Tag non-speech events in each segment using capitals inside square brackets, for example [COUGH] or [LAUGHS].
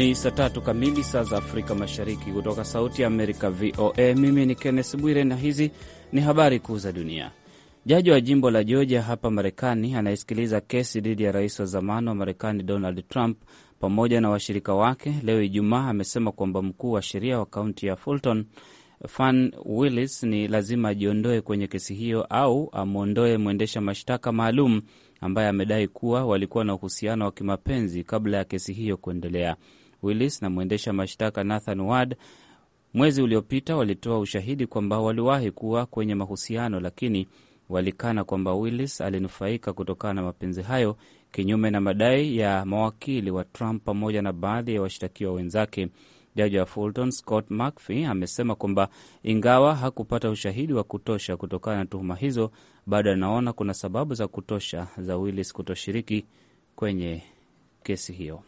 Ni saa tatu kamili saa za Afrika Mashariki, kutoka Sauti ya Amerika VOA. Mimi ni kennes Bwire na hizi ni habari kuu za dunia. Jaji wa jimbo la Georgia hapa Marekani anayesikiliza kesi dhidi ya rais wa zamani wa Marekani Donald Trump pamoja na washirika wake leo Ijumaa amesema kwamba mkuu wa sheria wa kaunti ya Fulton Fan Willis ni lazima ajiondoe kwenye kesi hiyo au amwondoe mwendesha mashtaka maalum ambaye amedai kuwa walikuwa na uhusiano wa kimapenzi kabla ya kesi hiyo kuendelea. Willis na mwendesha mashtaka Nathan Ward mwezi uliopita walitoa ushahidi kwamba waliwahi kuwa kwenye mahusiano, lakini walikana kwamba Willis alinufaika kutokana na mapenzi hayo, kinyume na madai ya mawakili wa Trump pamoja na baadhi ya washtakiwa wenzake. Jaji wa Fulton Scott McAfee amesema kwamba ingawa hakupata ushahidi wa kutosha kutokana na tuhuma hizo, bado anaona kuna sababu za kutosha za Willis kutoshiriki kwenye kesi hiyo.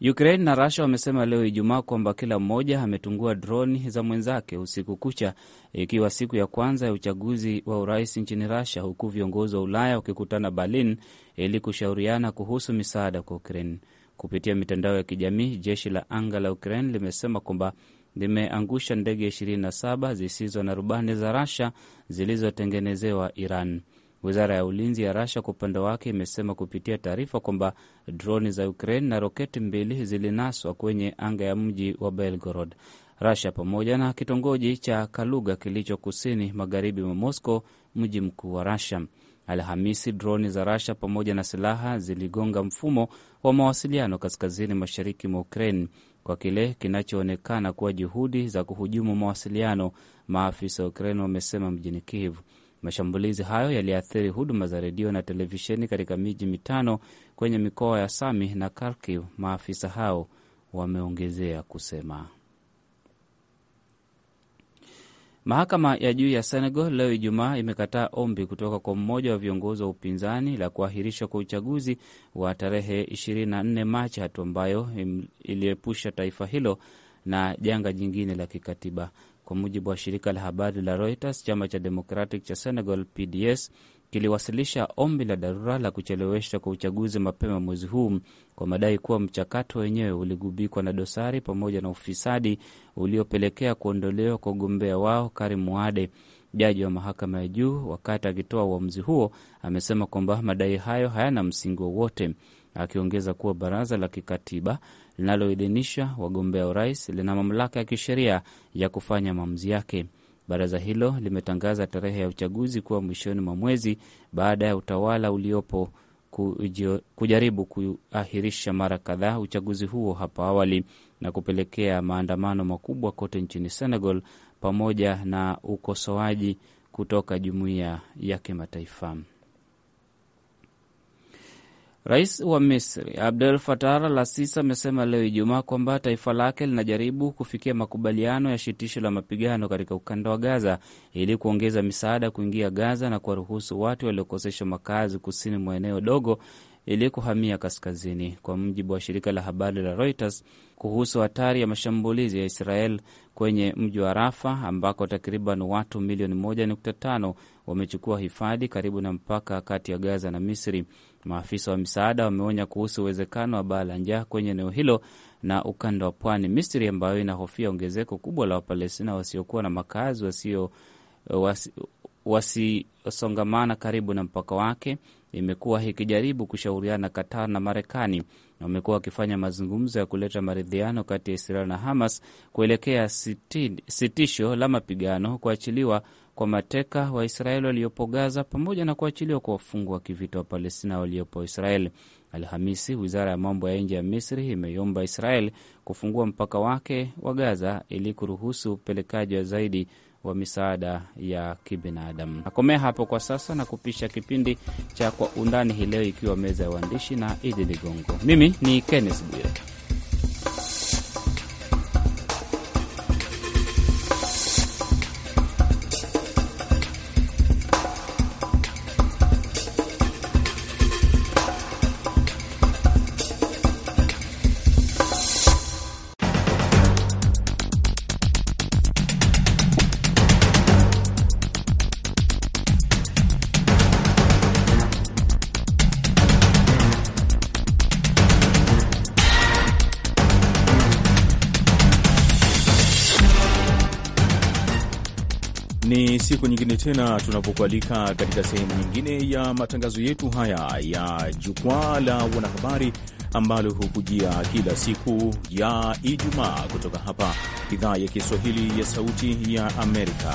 Ukraine na Russia wamesema leo Ijumaa kwamba kila mmoja ametungua droni za mwenzake usiku kucha, ikiwa siku ya kwanza ya uchaguzi wa urais nchini Russia, huku viongozi wa Ulaya wakikutana Berlin ili kushauriana kuhusu misaada kwa Ukraine. Kupitia mitandao ya kijamii, jeshi la anga la Ukraine limesema kwamba limeangusha ndege 27 zisizo na rubani za Russia zilizotengenezewa Iran. Wizara ya ulinzi ya Rasha kwa upande wake imesema kupitia taarifa kwamba droni za Ukraine na roketi mbili zilinaswa kwenye anga ya mji wa Belgorod. Rasha pamoja na kitongoji cha Kaluga kilicho kusini magharibi mwa Moscow, mji mkuu wa Rasha. Alhamisi, droni za Rasha pamoja na silaha ziligonga mfumo wa mawasiliano kaskazini mashariki mwa Ukraine kwa kile kinachoonekana kuwa juhudi za kuhujumu mawasiliano, maafisa wa Ukraine wamesema mjini Kiev. Mashambulizi hayo yaliathiri huduma za redio na televisheni katika miji mitano kwenye mikoa ya Sami na Kharkiv, maafisa hao wameongezea kusema. Mahakama ya juu ya Senegal leo Ijumaa imekataa ombi kutoka kwa mmoja wa viongozi wa upinzani la kuahirishwa kwa uchaguzi wa tarehe 24 Machi, hatua ambayo iliepusha taifa hilo na janga jingine la kikatiba. Kwa mujibu wa shirika la habari la Reuters, chama cha Democratic cha Senegal, PDS, kiliwasilisha ombi la dharura la kuchelewesha kwa uchaguzi mapema mwezi huu kwa madai kuwa mchakato wenyewe uligubikwa na dosari pamoja na ufisadi uliopelekea kuondolewa kwa ugombea wao Karim Wade. Jaji wa mahakama ya juu, wakati akitoa uamuzi huo, amesema kwamba madai hayo hayana msingi wowote, akiongeza kuwa baraza la kikatiba linaloidhinisha wagombea urais lina mamlaka ya kisheria ya kufanya maamuzi yake. Baraza hilo limetangaza tarehe ya uchaguzi kuwa mwishoni mwa mwezi baada ya utawala uliopo kujaribu kuahirisha mara kadhaa uchaguzi huo hapo awali na kupelekea maandamano makubwa kote nchini Senegal pamoja na ukosoaji kutoka jumuiya ya kimataifa. Rais wa Misri Abdel Fattah al-Sisi amesema leo Ijumaa kwamba taifa lake linajaribu kufikia makubaliano ya shitisho la mapigano katika ukanda wa Gaza ili kuongeza misaada kuingia Gaza na kuwaruhusu watu waliokoseshwa makazi kusini mwa eneo dogo ili kuhamia kaskazini, kwa mujibu wa shirika la habari la Reuters kuhusu hatari ya mashambulizi ya Israel kwenye mji wa Rafa ambako takriban watu milioni 1.5 wamechukua hifadhi karibu na mpaka kati ya Gaza na Misri. Maafisa wa misaada wameonya kuhusu uwezekano wa baa la njaa kwenye eneo hilo na ukanda wa pwani Misri, ambayo inahofia ongezeko kubwa la Wapalestina wasiokuwa na makazi wasiosongamana wasi, wasisongamana karibu na mpaka wake imekuwa ikijaribu kushauriana katar na Marekani na wamekuwa wakifanya mazungumzo ya kuleta maridhiano kati ya Israel na Hamas kuelekea sitisho la mapigano, kuachiliwa kwa mateka wa Israel waliopo Gaza pamoja na kuachiliwa kwa wafungwa wa kivita wa Palestina waliopo israel Alhamisi, wizara ya mambo ya nje ya Misri imeiomba Israel kufungua mpaka wake wa Gaza ili kuruhusu upelekaji wa zaidi wa misaada ya kibinadamu. Nakomea hapo kwa sasa na kupisha kipindi cha Kwa Undani hii leo, ikiwa meza ya waandishi na Idi Ligongo. Mimi ni Kenneth Bwire. tena tunapokualika katika sehemu nyingine ya matangazo yetu haya ya jukwaa la wanahabari ambalo hukujia kila siku ya Ijumaa kutoka hapa idhaa ya Kiswahili ya Sauti ya Amerika.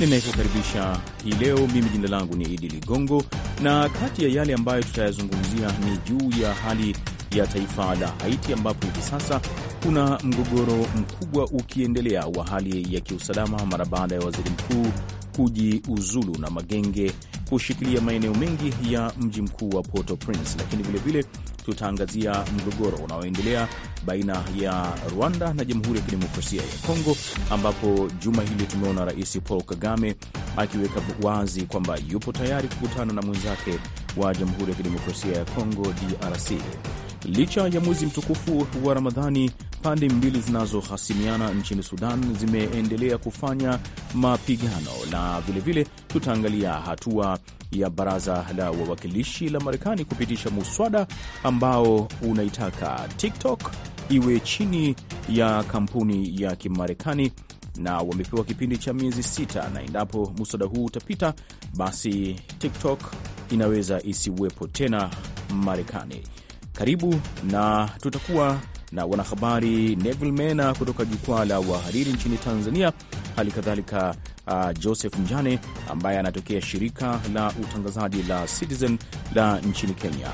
Ninayekukaribisha hii leo mimi jina langu ni Idi Ligongo, na kati ya yale ambayo tutayazungumzia ni juu ya hali ya taifa la Haiti ambapo hivi sasa kuna mgogoro mkubwa ukiendelea wa hali ya kiusalama mara baada ya waziri mkuu kujiuzulu na magenge kushikilia maeneo mengi ya mji mkuu wa porto prince lakini vilevile tutaangazia mgogoro unaoendelea baina ya Rwanda na Jamhuri ya Kidemokrasia ya Kongo, ambapo juma hili tumeona Rais Paul Kagame akiweka wazi kwamba yupo tayari kukutana na mwenzake wa Jamhuri ya Kidemokrasia ya Kongo, DRC. Licha ya mwezi mtukufu wa Ramadhani, pande mbili zinazohasimiana nchini Sudan zimeendelea kufanya mapigano, na vilevile tutaangalia hatua ya baraza la wawakilishi la Marekani kupitisha muswada ambao unaitaka TikTok iwe chini ya kampuni ya Kimarekani na wamepewa kipindi cha miezi sita, na endapo muswada huu utapita, basi TikTok inaweza isiwepo tena Marekani. Karibu na tutakuwa na wanahabari Neville Mena kutoka jukwaa la wahariri nchini Tanzania, hali kadhalika uh, Joseph Njane ambaye anatokea shirika la utangazaji la Citizen la nchini Kenya.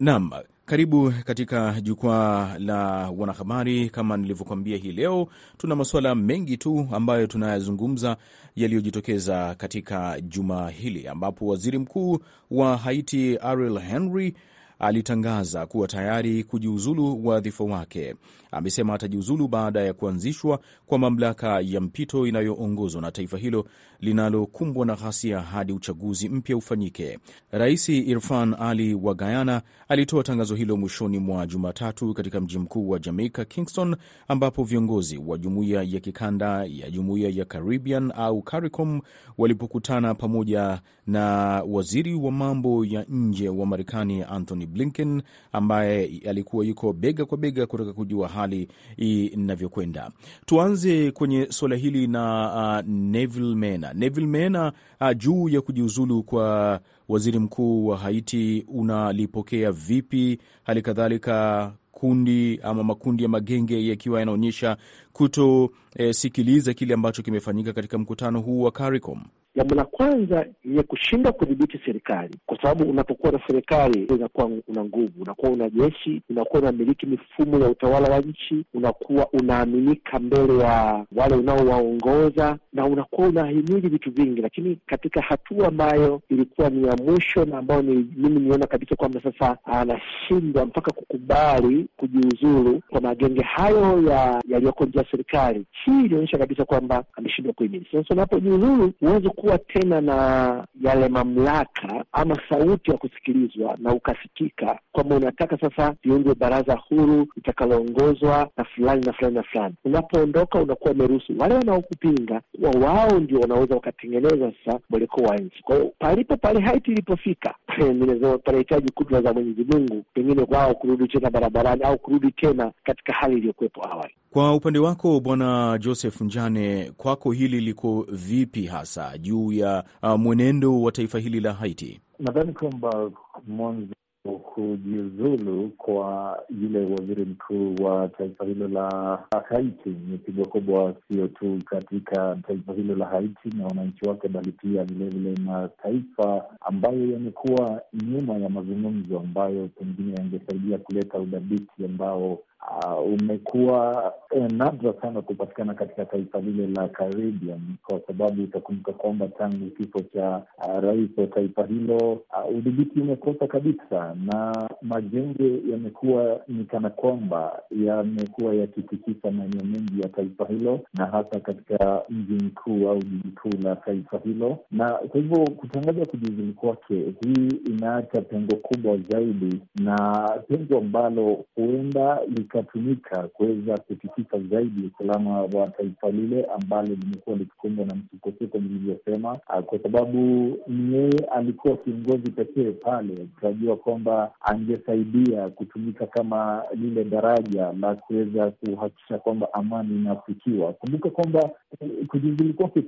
Naam. Karibu katika jukwaa la wanahabari. Kama nilivyokuambia, hii leo tuna masuala mengi tu ambayo tunayazungumza yaliyojitokeza katika juma hili, ambapo waziri mkuu wa Haiti Ariel Henry alitangaza kuwa tayari kujiuzulu wadhifa wake amesema atajiuzulu baada ya kuanzishwa kwa mamlaka ya mpito inayoongozwa na taifa hilo linalokumbwa na ghasia hadi uchaguzi mpya ufanyike. Rais Irfan Ali wa Guyana alitoa tangazo hilo mwishoni mwa Jumatatu katika mji mkuu wa Jamaica, Kingston, ambapo viongozi wa jumuiya ya kikanda ya jumuiya ya Caribbean au CARICOM walipokutana pamoja na waziri wa mambo ya nje wa Marekani Anthony Blinken ambaye alikuwa yuko bega kwa bega kutaka kujua hali inavyokwenda. Tuanze kwenye suala hili na uh, Neville Mena. Neville Mena, uh, juu ya kujiuzulu kwa waziri mkuu wa Haiti unalipokea vipi? Hali kadhalika kundi ama makundi ya magenge yakiwa yanaonyesha kutosikiliza eh, kile ambacho kimefanyika katika mkutano huu wa CARICOM. Jambo la kwanza ni kushindwa kudhibiti serikali, kwa sababu unapokuwa na serikali inakuwa una nguvu, unakuwa una jeshi, unakuwa unamiliki mifumo ya utawala wa nchi, unakuwa unaaminika mbele ya wale unaowaongoza na unakuwa unahimili vitu vingi, lakini katika hatua ambayo ilikuwa ni ya mwisho na ambayo ni mimi niona kabisa kwamba sasa anashindwa mpaka kukubali kujiuzulu kwa magenge hayo yaliyoko ya nje ya serikali. Hii ilionyesha kabisa kwamba ameshindwa kuhimili. Sasa unapojiuzulu huwezi kuwa tena na yale mamlaka ama sauti ya kusikilizwa na ukasikika, kwamba unataka sasa viundwe baraza huru litakaloongozwa na fulani na fulani na fulani. Unapoondoka unakuwa umeruhusu wale wanaokupinga wao ndio wanaweza wakatengeneza sasa mwelekeo wa nchi. Kwa hiyo palipo pale haiti ilipofika eh, panahitaji kudra za Mwenyezi Mungu, pengine kwao kurudi tena barabarani au kurudi tena katika hali iliyokuwepo awali. Kwa upande wako Bwana Joseph Njane, kwako hili liko vipi hasa juu ya uh, mwenendo wa taifa hili la Haiti? Nadhani kwamba mwanzo kujiuzulu kwa yule waziri mkuu wa taifa hilo la Haiti ni pigo kubwa, sio tu katika taifa hilo la Haiti na wananchi wake, bali pia vilevile mataifa ambayo yamekuwa nyuma ya mazungumzo ambayo pengine yangesaidia kuleta udhabiti ambao uh, umekuwa eh, nadra sana kupatikana katika taifa lile la Caribbean, kwa sababu utakumbuka kwamba tangu kifo cha uh, rais wa taifa hilo ah, udhibiti umekosa kabisa, na majenge yamekuwa ni kana kwamba yamekuwa yakitikisa maeneo mengi ya taifa hilo, na hasa katika mji mkuu au jiji kuu la taifa hilo. Na kwa hivyo kutangaza kujiuzulu kwake, hii inaacha pengo kubwa zaidi na pengo ambalo huenda ikatumika kuweza kutikisa zaidi usalama wa taifa lile ambalo limekuwa likikumbwa na msukosuko nilivyosema, ah, kwa sababu ni yeye alikuwa kiongozi pekee pale, tunajua kwamba angesaidia kutumika kama lile daraja la kuweza kuhakikisha kwamba amani inafikiwa. Kumbuka kwamba eh, kujiuzulu kwake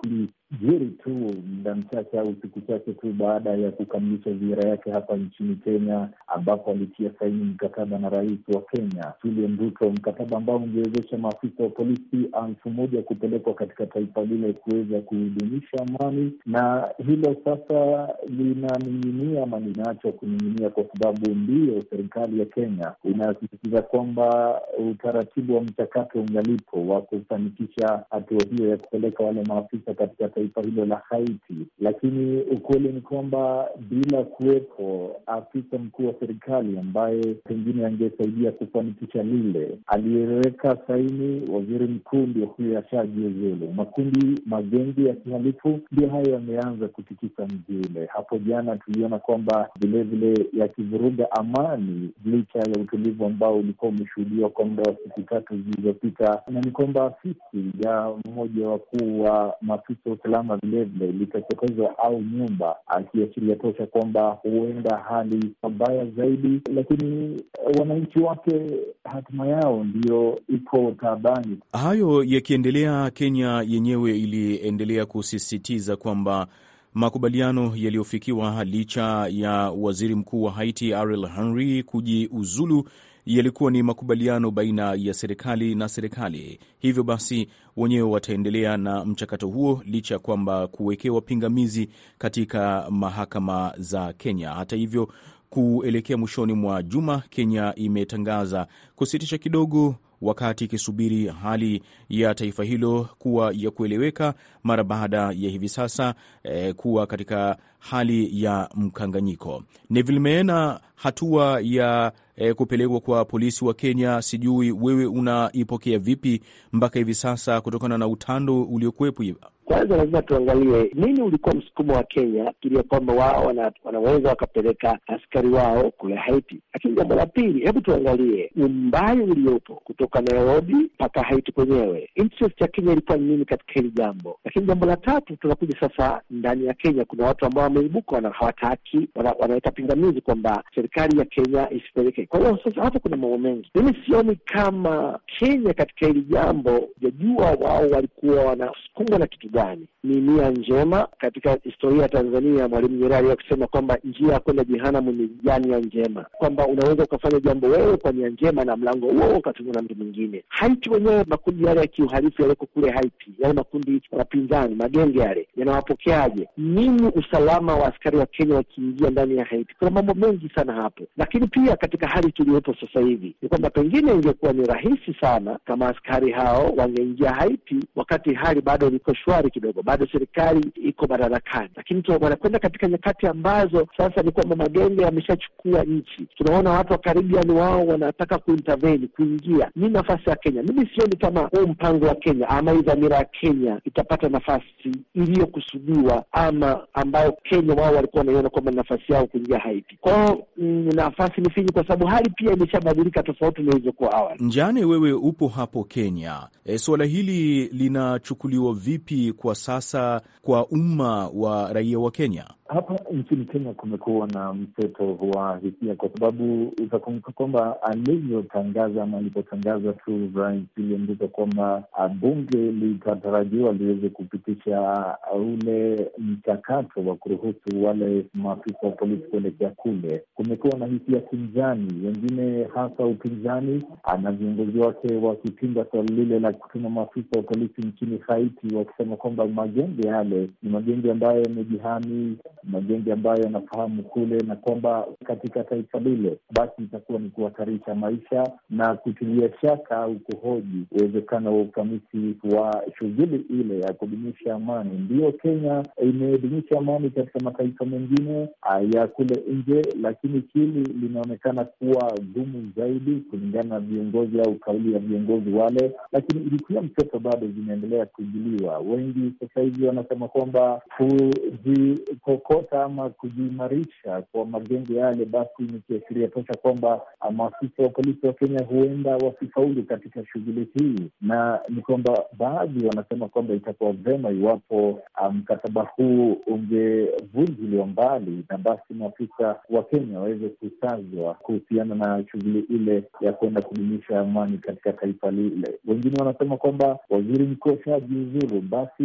jiri tu muda mchache au siku chache tu baada ya kukamilisha ziara yake hapa nchini Kenya, ambapo alitia saini mkataba na rais wa Kenya William Ruto, mkataba ambao ungewezesha maafisa wa polisi elfu moja kupelekwa katika taifa lile kuweza kuhudumisha amani, na hilo sasa linaning'inia ama linaachwa kuning'inia, kwa sababu ndiyo serikali ya Kenya inasisitiza kwamba utaratibu wa mchakato ungalipo wa kufanikisha hatua hiyo ya kupeleka wale maafisa katika taifa hilo la Haiti, lakini ukweli ni kwamba bila kuwepo afisa mkuu wa serikali ambaye pengine angesaidia kufanikisha lile, aliyeweka saini waziri mkuu ndio huyo ashajiuzulu. Makundi magengi ya kihalifu ndio hayo yameanza kutikisa mji ule. Hapo jana tuliona kwamba vilevile yakivuruga amani licha ya utulivu ambao ulikuwa umeshuhudiwa kwa muda wa siku tatu zilizopita, na ni kwamba afisi ya mmoja wakuu wa maafisa usalama vilevile litatokezwa au nyumba, akiashiria tosha kwamba huenda hali mbaya zaidi, lakini eh, wananchi wake hatima yao ndiyo iko taabani. Hayo yakiendelea, Kenya yenyewe iliendelea kusisitiza kwamba makubaliano yaliyofikiwa licha ya waziri mkuu wa Haiti Ariel Henry kujiuzulu yalikuwa ni makubaliano baina ya serikali na serikali, hivyo basi wenyewe wataendelea na mchakato huo licha ya kwamba kuwekewa pingamizi katika mahakama za Kenya. Hata hivyo, kuelekea mwishoni mwa juma, Kenya imetangaza kusitisha kidogo wakati ikisubiri hali ya taifa hilo kuwa ya kueleweka mara baada ya hivi sasa e, kuwa katika hali ya mkanganyiko. Ni vilmeena hatua ya e, kupelekwa kwa polisi wa Kenya. Sijui wewe unaipokea vipi mpaka hivi sasa, kutokana na utando uliokuwepo kwanza lazima tuangalie nini ulikuwa msukumo wa Kenya akilia kwamba wao wana, wanaweza wakapeleka askari wao kule Haiti. Lakini jambo la pili, hebu tuangalie umbali uliopo kutoka Nairobi mpaka Haiti kwenyewe, interest ya Kenya ilikuwa ni nini katika hili jambo. Lakini jambo la tatu, tunakuja sasa ndani ya Kenya, kuna watu ambao wameibuka, wana hawataki, wanaweka pingamizi kwamba serikali ya Kenya isipeleke. Kwa hiyo sasa hapa kuna mambo mengi. Mimi sioni kama Kenya katika hili jambo jajua wao walikuwa wanasukumwa na kitu gani? Ni nia njema. Katika historia ya Tanzania, Mwalimu Nyerere akisema kwamba njia ya kwenda jehanamu ni jani ya njema, kwamba unaweza ukafanya jambo wewe kwa nia njema na mlango huo ukatumiwa na mtu mwingine. Haiti wenyewe, makundi yale ya kiuhalifu yaliko kule Haiti, yale makundi wapinzani, magenge yale yanawapokeaje? Nini usalama wa askari wa Kenya wakiingia ndani ya Haiti? Kuna mambo mengi sana hapo, lakini pia katika hali tuliyopo sasa hivi ni kwamba pengine ingekuwa ni rahisi sana kama askari hao wangeingia Haiti wakati hali bado liko shwari hatari kidogo, bado serikali iko madarakani, lakini wanakwenda katika nyakati ambazo sasa ni kwamba magenge yameshachukua nchi. Tunaona watu wa Caribbean wao wanataka kuintervene, kuingia. Ni nafasi ya Kenya. Mimi sioni kama huu mpango wa Kenya ama hii dhamira ya Kenya itapata nafasi iliyokusudiwa ama ambayo Kenya wao walikuwa wanaiona kwamba nafasi yao kuingia Haiti kwao. Mm, nafasi ni finyi, kwa sababu hali pia imeshabadilika tofauti na ilivyokuwa awali. Njane, wewe upo hapo Kenya. E, suala hili linachukuliwa vipi kwa sasa kwa umma wa raia wa Kenya? hapa nchini Kenya kumekuwa na mseto wa hisia, kwa sababu utakumbuka kwamba alivyotangaza ama alipotangaza tu Rais William Ruto kwamba ah, bunge litatarajiwa liweze kupitisha ah, ule mchakato wa kuruhusu wale maafisa wa polisi kuelekea kule, kumekuwa na hisia kinzani, wengine hasa upinzani ah, na viongozi wake wakipinga swali lile la kutuma maafisa wa polisi nchini Haiti, wakisema kwamba magenge yale ni magenge ambayo yamejihami majengi ambayo yanafahamu kule, na kwamba katika taifa lile basi itakuwa ni kuhatarisha maisha na kutilia shaka au kuhoji uwezekano wa ufanisi wa shughuli ile ya kudumisha amani. Ndiyo, Kenya imedumisha amani katika mataifa mengine ah, ya kule nje, lakini hili linaonekana kuwa gumu zaidi kulingana na viongozi au kauli ya viongozi wale, lakini ilikuwa mtoto bado zinaendelea kujuliwa. Wengi sasa hivi wanasema kwamba kujikoko kujikokota ama kujiimarisha kwa magenge yale, basi nikiashiria tosha kwamba maafisa wa polisi wa Kenya huenda wasifaulu katika shughuli hii, na ni kwamba baadhi wanasema kwamba itakuwa vema iwapo um, mkataba um, huu ungevunjiliwa mbali, na basi maafisa wa Kenya waweze kusazwa kuhusiana na shughuli ile ya kuenda kudumisha amani katika taifa lile. Wengine wanasema kwamba waziri mkuu ashajiuzuru, basi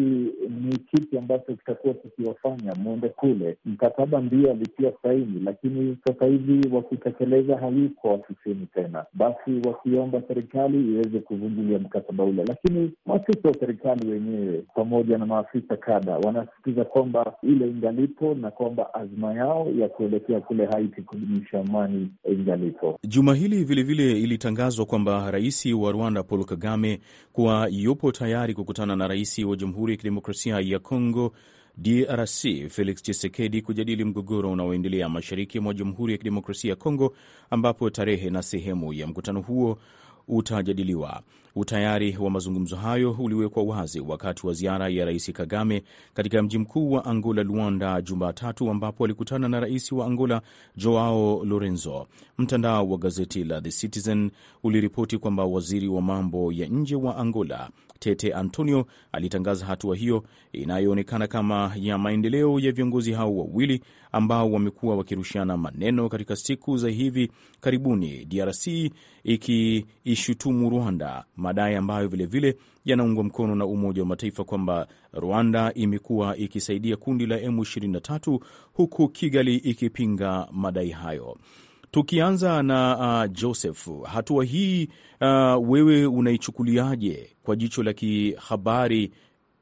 ni kipi ambacho kitakuwa kikiwafanya mwende kule vile. mkataba ndio alitia saini, lakini sasa hivi wakutekeleza hayuko ofisini tena, basi wakiomba serikali iweze kuvungulia mkataba ule. Lakini maafisa wa serikali wenyewe pamoja na maafisa kada wanasisitiza kwamba ile ingalipo na kwamba azma yao ya kuelekea kule Haiti kudumisha amani ingalipo. Juma hili vilevile ilitangazwa kwamba rais wa Rwanda Paul Kagame kuwa yupo tayari kukutana na rais wa Jamhuri ya Kidemokrasia ya Kongo DRC Felix Tshisekedi kujadili mgogoro unaoendelea mashariki mwa Jamhuri ya Kidemokrasia ya Kongo, ambapo tarehe na sehemu ya mkutano huo utajadiliwa. Utayari wa mazungumzo hayo uliwekwa wazi wakati wa ziara ya Rais Kagame katika mji mkuu wa Angola, Luanda, Jumatatu, ambapo alikutana na rais wa Angola Joao Lorenzo. Mtandao wa gazeti la The Citizen uliripoti kwamba waziri wa mambo ya nje wa Angola Tete Antonio alitangaza hatua hiyo inayoonekana kama ya maendeleo ya viongozi hao wawili ambao wamekuwa wakirushiana maneno katika siku za hivi karibuni, DRC ikiishutumu Rwanda, madai ambayo vilevile yanaungwa mkono na Umoja wa Mataifa kwamba Rwanda imekuwa ikisaidia kundi la M23 huku Kigali ikipinga madai hayo. Tukianza na uh, Joseph, hatua hii uh, wewe unaichukuliaje kwa jicho la kihabari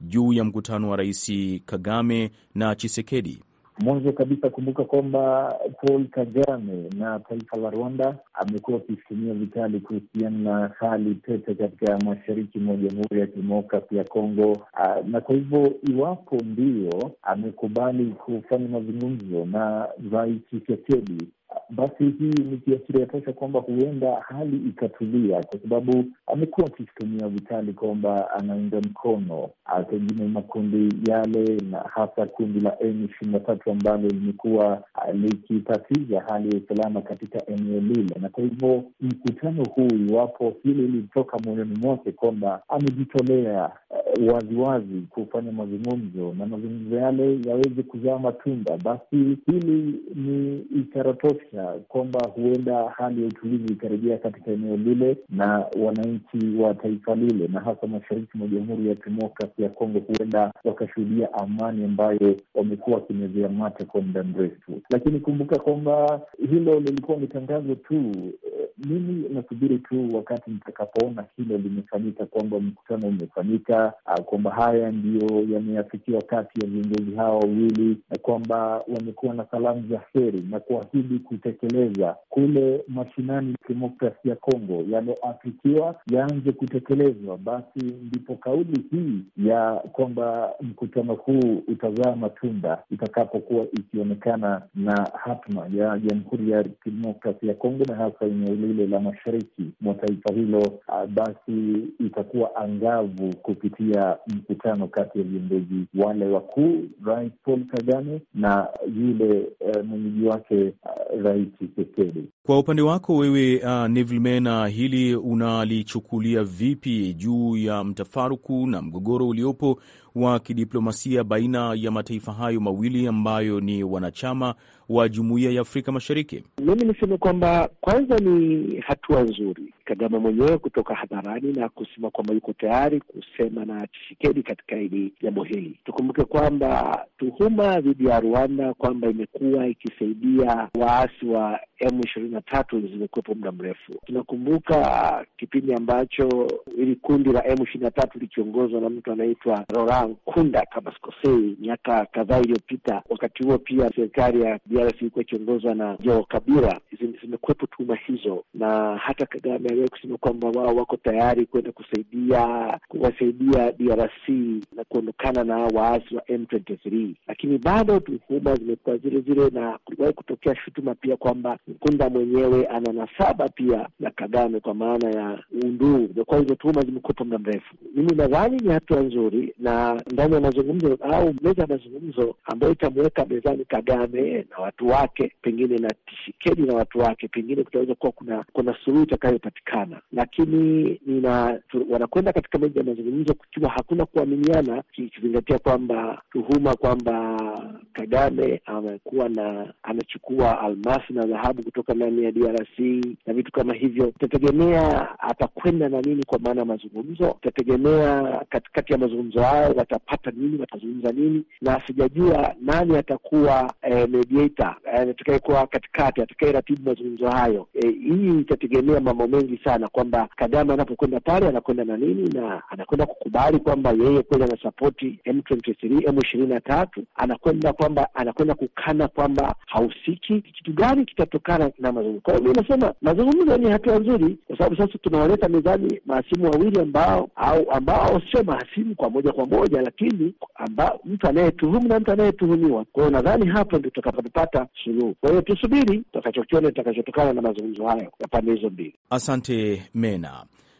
juu ya mkutano wa Rais Kagame na Chisekedi? Mwanzo kabisa kumbuka kwamba Paul Kagame na taifa la Rwanda amekuwa akishutumia vikali kuhusiana na hali tete katika mashariki mwa Jamhuri ya Kidemokrasi ya Kongo, ah, na kwa hivyo iwapo ndio amekubali kufanya mazungumzo na Rais Tshisekedi basi hii ni kiashiria tosha kwamba huenda hali ikatulia, kwa sababu amekuwa akishutumia vitali kwamba anaunga mkono ah, pengine makundi yale, na hasa kundi la M ishirini na tatu ambalo limekuwa ah, likitatiza hali ya usalama katika eneo lile. Na kwa hivyo mkutano huu, iwapo hili lilitoka moyoni mwake kwamba amejitolea eh, waziwazi kufanya mazungumzo na mazungumzo yale yaweze kuzaa matunda, basi hili ni ishara tosha kuhofia kwamba huenda hali ya utulivu ikarejea katika eneo lile na wananchi wa taifa lile, na hasa mashariki mwa Jamhuri ya Kidemokrasi ya Kongo, huenda wakashuhudia amani ambayo wamekuwa wakimezea mate kwa muda mrefu. Lakini kumbuka kwamba hilo lilikuwa ni tangazo tu. Eh, mimi nasubiri tu wakati nitakapoona hilo limefanyika, kwamba mkutano umefanyika, ah, kwamba haya ndiyo yameafikiwa kati ya viongozi hawa wawili, na kwamba wamekuwa na salamu za heri na kuahidi kutekeleza kule mashinani demokrasi ya Kongo yaloafikiwa yaanze kutekelezwa, basi ndipo kauli hii ya kwamba mkutano huu utazaa matunda itakapokuwa ikionekana na hatma ya Jamhuri ya Kidemokrasi ya Kongo na hasa eneo lile la mashariki mwa taifa hilo, ah, basi itakuwa angavu kupitia mkutano kati ya viongozi wale wakuu, Rais Paul Kagame na yule eh, mwenyeji wake ah, raisi Tshisekedi. Kwa upande wako wewe, uh, Neville Mena, hili unalichukulia vipi juu ya mtafaruku na mgogoro uliopo wa kidiplomasia baina ya mataifa hayo mawili ambayo ni wanachama wa jumuiya ya Afrika Mashariki? Mimi niseme kwamba kwanza ni hatua nzuri, Kagame mwenyewe kutoka hadharani na kusema kwamba yuko tayari kusema na Tshisekedi katika hili jambo hili. Tukumbuke kwamba tuhuma dhidi ya Rwanda kwamba imekuwa ikisaidia waasi wa M ishirini na tatu zimekuwepo muda mrefu. Tunakumbuka kipindi ambacho hili kundi la M ishirini na tatu likiongozwa na mtu anaitwa Laurent kama Nkunda kama sikosei, miaka kadhaa iliyopita. Wakati huo pia serikali ya DRC ilikuwa ikiongozwa na Jo Kabila. Zimekuwepo tuhuma hizo, na hata Kagame aliwahi kusema kwamba wao wako tayari kwenda kusaidia kuwasaidia DRC na kuondokana na waasi wa M23, lakini bado tuhuma zimekuwa zile zile, na kuliwahi kutokea shutuma pia kwamba Nkunda mwenyewe ana nasaba pia na Kagame kwa maana ya uunduu Kwa hizo tuhuma zimekuwepo muda mrefu. Mimi nadhani ni hatua nzuri na ndani ya mazungumzo au meza ya mazungumzo ambayo itamuweka mezani Kagame na watu wake, pengine na Tshisekedi na watu wake, pengine kutaweza kuwa kuna kuna suluhu itakayopatikana, lakini nina wanakwenda katika meza ya mazungumzo kukiwa hakuna kuaminiana, ikizingatia kwamba tuhuma kwamba Kagame amekuwa na amechukua almasi na dhahabu kutoka ndani ya DRC na vitu kama hivyo, itategemea atakwenda na nini, kwa maana ya mazungumzo itategemea katikati ya mazungumzo hayo watapata nini, watazungumza nini, na sijajua nani atakuwa eh, mediator eh, atakayekuwa katikati, atakayeratibu mazungumzo hayo. Eh, hii itategemea mambo mengi sana, kwamba Kagame anapokwenda pale anakwenda na nini, na anakwenda kukubali kwamba yeye kweli anasapoti M23 M ishirini na tatu, anakwenda kwamba anakwenda kukana kwamba hahusiki. Kitu gani kitatokana na mazungumzo? Kwa hiyo mi nasema mazungumzo ni hatua nzuri, kwa sababu sasa tunawaleta mezani mahasimu wawili ambao au ambao sio mahasimu kwa moja kwa moja moja, lakini amba, mtu anayetuhumu na mtu anayetuhumiwa. Kwa hiyo nadhani hapo ndio tutakapopata suluhu. Kwa hiyo tusubiri tutakachokiona tutakachotokana na mazungumzo hayo ya pande hizo mbili. Asante Mena.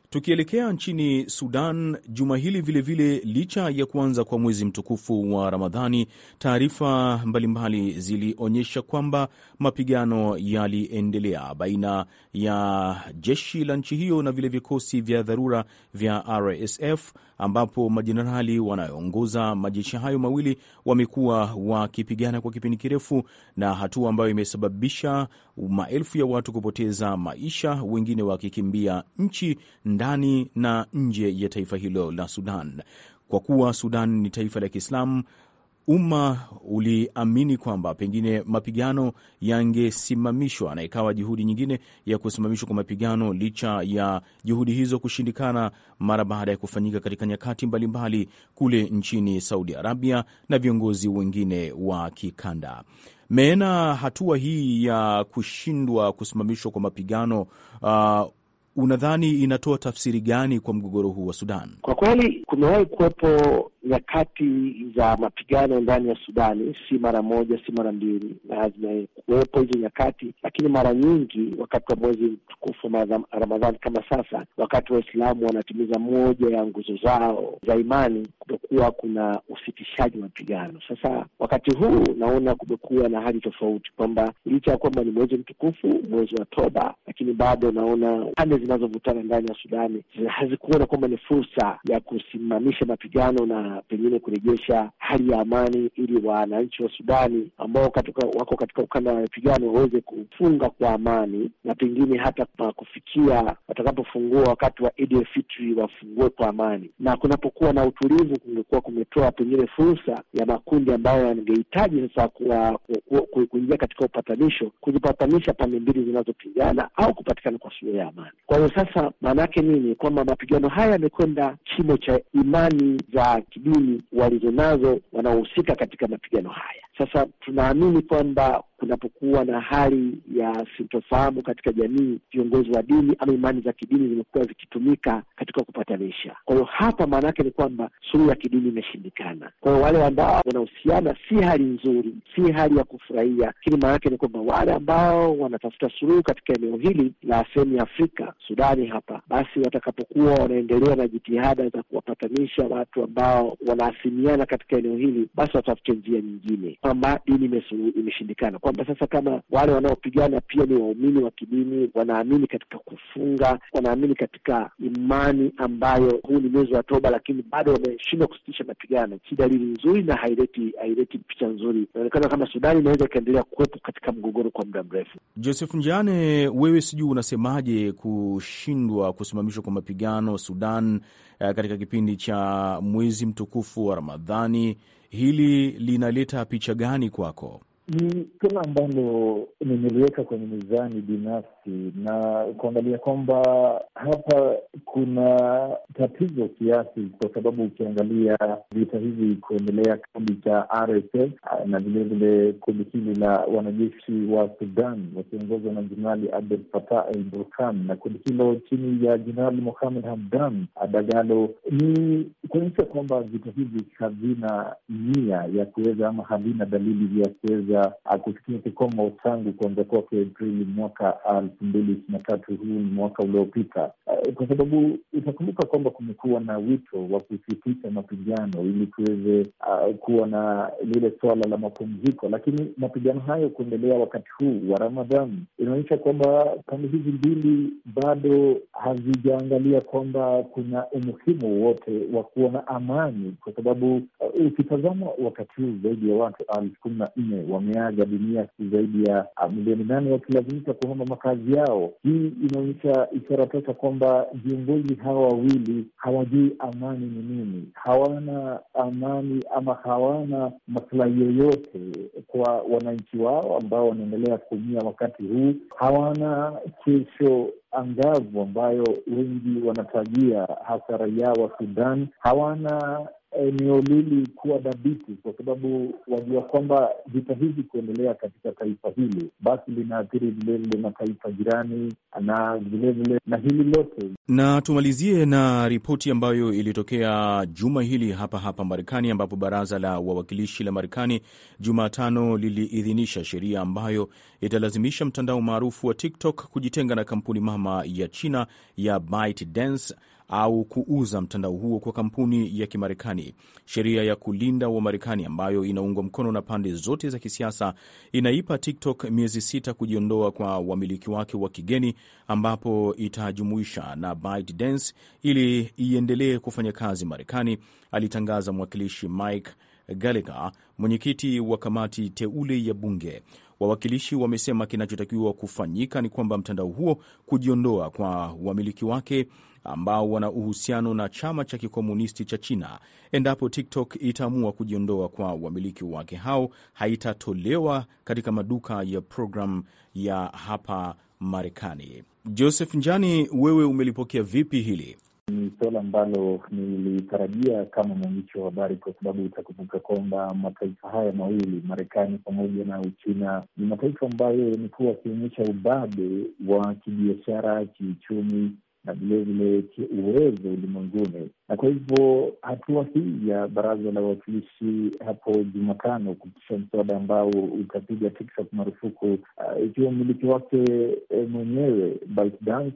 Tukielekea nchini Sudan juma hili vilevile, licha ya kuanza kwa mwezi mtukufu wa Ramadhani, taarifa mbalimbali zilionyesha kwamba mapigano yaliendelea baina ya jeshi la nchi hiyo na vile vikosi vya dharura vya RSF ambapo majenerali wanayoongoza majeshi hayo mawili wamekuwa wakipigana kwa kipindi kirefu, na hatua ambayo imesababisha maelfu ya watu kupoteza maisha, wengine wakikimbia nchi ndani na nje ya taifa hilo la Sudan. Kwa kuwa Sudan ni taifa la Kiislamu umma uliamini kwamba pengine mapigano yangesimamishwa na ikawa juhudi nyingine ya kusimamishwa kwa mapigano, licha ya juhudi hizo kushindikana mara baada ya kufanyika katika nyakati mbalimbali mbali kule nchini Saudi Arabia na viongozi wengine wa kikanda. Meena, hatua hii ya kushindwa kusimamishwa kwa mapigano uh, unadhani inatoa tafsiri gani kwa mgogoro huu wa Sudan? Kwa kweli kumewahi kuwepo nyakati za mapigano ndani ya Sudani, si mara moja, si mara mbili, na zimekuwepo hizo nyakati, lakini mara nyingi wakati wa mwezi mtukufu Ramadhani kama sasa, wakati Waislamu wanatimiza moja ya nguzo zao za imani, kumekuwa kuna usitishaji wa mapigano. Sasa wakati huu naona kumekuwa na hali tofauti, kwamba licha ya kwamba ni mwezi mtukufu, mwezi wa toba lakini bado naona pande zinazovutana ndani ya Sudani hazikuona kwamba ni fursa ya kusimamisha mapigano na pengine kurejesha hali ya amani, ili wananchi wa Sudani ambao katika, wako katika ukanda wa mapigano waweze kufunga kwa amani, na pengine hata kufikia watakapofungua wakati wa Idi Fitri wafungue kwa amani, na kunapokuwa na utulivu kungekuwa kumetoa pengine fursa ya makundi ambayo yangehitaji sasa kuingia katika upatanisho, kujipatanisha pande mbili zinazopigana au kupatikana kwa suluhu ya amani. Kwa hiyo sasa, maana yake nini? Kwamba mapigano haya yamekwenda kimo cha imani za kidini walizonazo wanaohusika katika mapigano haya. Sasa tunaamini kwamba kunapokuwa na hali ya sintofahamu katika jamii, viongozi wa dini ama imani za kidini zimekuwa zikitumika katika kupatanisha. Kwa hiyo hapa maana yake ni kwamba suluhu ya kidini imeshindikana. Kwa hiyo wale ambao wanahusiana, si hali nzuri, si hali ya kufurahia, lakini maana yake ni kwamba wale ambao wanatafuta suluhu katika eneo hili la sehemu ya Afrika, Sudani hapa, basi watakapokuwa wanaendelea na jitihada za kuwapatanisha watu ambao wanaasimiana katika eneo hili, basi watafute njia nyingine kwamba dini imeshindikana, kwamba sasa kama wale wanaopigana pia ni waumini wa kidini, wanaamini katika kufunga, wanaamini katika imani ambayo huu ni mwezi wa toba, lakini bado wameshindwa kusitisha mapigano, si dalili nzuri na haileti haileti picha nzuri. Inaonekana kama Sudani inaweza ikaendelea kuwepo katika mgogoro kwa muda mrefu. Joseph Njane, wewe sijui unasemaje kushindwa kusimamishwa kwa mapigano Sudan eh, katika kipindi cha mwezi mtukufu wa Ramadhani hili linaleta picha gani kwako? Ni swala ambalo nimeliweka kwenye mizani binafsi kiasi na kuangalia kwamba hapa kuna tatizo kiasi, kwa sababu ukiangalia vita hivi kuendelea, kikundi cha RSF na vilevile kundi hili la wanajeshi wa Sudan wakiongozwa na Jenerali Abdel fatah el Burhan na kundi hilo chini ya Jenerali Mohamed Hamdan Dagalo, ni kuonyesha kwamba vita hivi havina nia ya kuweza ama havina dalili ya kuweza kufikia kikomo tangu kuanza kwake Aprili mwaka al elfu mbili ishiri na tatu huu ni mwaka uliopita, eh, kwa sababu utakumbuka kwamba kumekuwa na wito wa kusitisha mapigano ili tuweze uh, kuwa na lile swala la mapumziko, lakini mapigano hayo kuendelea wakati huu wa Ramadhani inaonyesha kwamba pande hizi mbili bado hazijaangalia kwamba kuna umuhimu wowote wa kuwa na amani, kwa sababu uh, ukitazama wakati huu zaidi ya watu elfu kumi na nne wameaga dunia, zaidi ya ah, milioni nane wakilazimika kuhama makazi vyao. Hii inaonyesha ishara tosha kwamba viongozi hawa wawili hawajui amani ni nini, hawana amani ama hawana masilahi yoyote kwa wananchi wao ambao wanaendelea kuumia wakati huu, hawana kesho angavu ambayo wengi wanatarajia hasa raia wa Sudan. Hawana eneo lili kuwa dhabiti, kwa sababu wajua kwamba vita hivi kuendelea katika taifa hili basi linaathiri vilevile mataifa jirani na vilevile na hili lote. Na tumalizie na ripoti ambayo ilitokea juma hili hapa hapa Marekani, ambapo baraza la wawakilishi la Marekani Jumatano liliidhinisha sheria ambayo italazimisha mtandao maarufu wa TikTok kujitenga na kampuni mama ya China ya ByteDance au kuuza mtandao huo kwa kampuni ya Kimarekani. Sheria ya kulinda wa marekani ambayo inaungwa mkono na pande zote za kisiasa inaipa TikTok miezi sita kujiondoa kwa wamiliki wake wa kigeni, ambapo itajumuisha na ByteDance ili iendelee kufanya kazi Marekani, alitangaza mwakilishi Mike Gallagher, mwenyekiti wa kamati teule ya bunge. Wawakilishi wamesema kinachotakiwa kufanyika ni kwamba mtandao huo kujiondoa kwa wamiliki wake ambao wana uhusiano na chama cha kikomunisti cha China. Endapo TikTok itaamua kujiondoa kwa wamiliki wake hao, haitatolewa katika maduka ya programu ya hapa Marekani. Joseph Njani, wewe umelipokea vipi hili? Ni suala ambalo nilitarajia kama mwandishi wa habari, kwa sababu utakumbuka kwamba mataifa haya mawili Marekani pamoja na Uchina ni mataifa ambayo yamekuwa yakionyesha ubabe wa kibiashara, kiuchumi na vilevile uwezo ulimwenguni. Na kwa hivyo hatua hii ya baraza la wawakilishi hapo Jumatano kupitisha mswada ambao utapiga TikTok marufuku uh, ikiwa uh, mmiliki wake e, mwenyewe ByteDance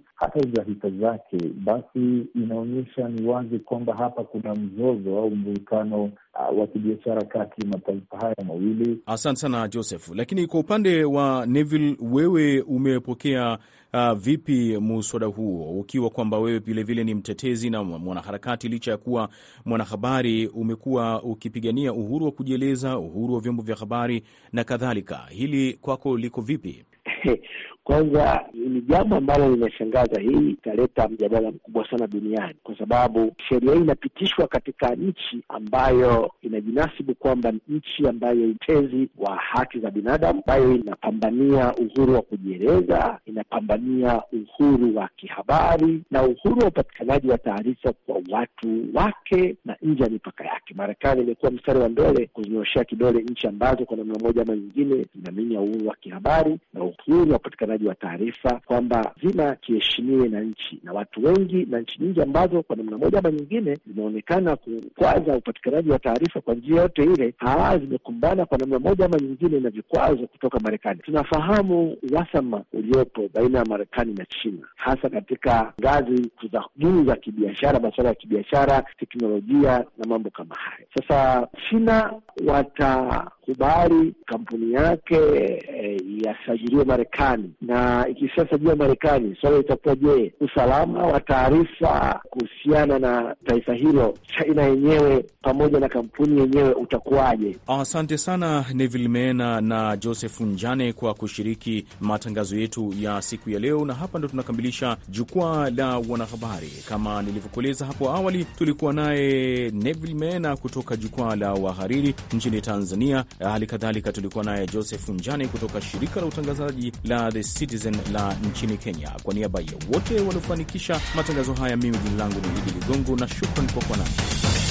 za hisa zake, basi inaonyesha ni wazi kwamba hapa kuna mzozo au mvulukano uh, wa kibiashara kati mataifa haya mawili. Asante sana Joseph. Lakini kwa upande wa Neville, wewe umepokea uh, vipi muswada huo ukiwa kwamba wewe vilevile ni mtetezi na mwanaharakati, licha ya kuwa mwanahabari, umekuwa ukipigania uhuru wa kujieleza, uhuru wa vyombo vya habari na kadhalika, hili kwako liko vipi? [LAUGHS] Kwanza ni jambo ambalo linashangaza. Hii italeta mjadala mkubwa sana duniani, kwa sababu sheria hii inapitishwa katika nchi ambayo inajinasibu kwamba ni nchi ambayo utezi wa haki za binadamu, ambayo inapambania uhuru wa kujieleza, inapambania uhuru wa kihabari na uhuru wa upatikanaji wa taarifa kwa watu wake na nje ya mipaka yake. Marekani imekuwa mstari wa mbele kuzinyoshea kidole nchi ambazo kwa namna moja ama nyingine zinaminya uhuru wa kihabari na uhuru wa upatikanaji utoaji wa taarifa, kwamba zima kiheshimiwe na nchi na watu wengi na nchi nyingi ambazo kwa namna moja ama nyingine zimeonekana kukwaza upatikanaji wa taarifa kwa njia yote ile, hawa zimekumbana kwa namna moja ama nyingine na vikwazo kutoka Marekani. Tunafahamu uhasama uliopo baina ya Marekani na China, hasa katika ngazi za juu za kibiashara, masuala ya kibiashara, teknolojia na mambo kama hayo. Sasa China wata amekubali kampuni yake e, yasajiliwe Marekani, na ikishasajiliwa Marekani swala litakuwa je, usalama wa taarifa kuhusiana na taifa hilo China yenyewe pamoja na kampuni yenyewe utakuwaje? Asante sana Neville Meena na Joseph Njane kwa kushiriki matangazo yetu ya siku ya leo, na hapa ndo tunakamilisha jukwaa la wanahabari. Kama nilivyokueleza hapo awali, tulikuwa naye Neville Meena kutoka jukwaa la wahariri nchini Tanzania, Hali kadhalika tulikuwa naye Joseph Njani kutoka shirika la utangazaji la The Citizen la nchini Kenya. Kwa niaba ya wote waliofanikisha matangazo haya, mimi jina langu ni Idi Ligongo na shukran kwa kuwa nami.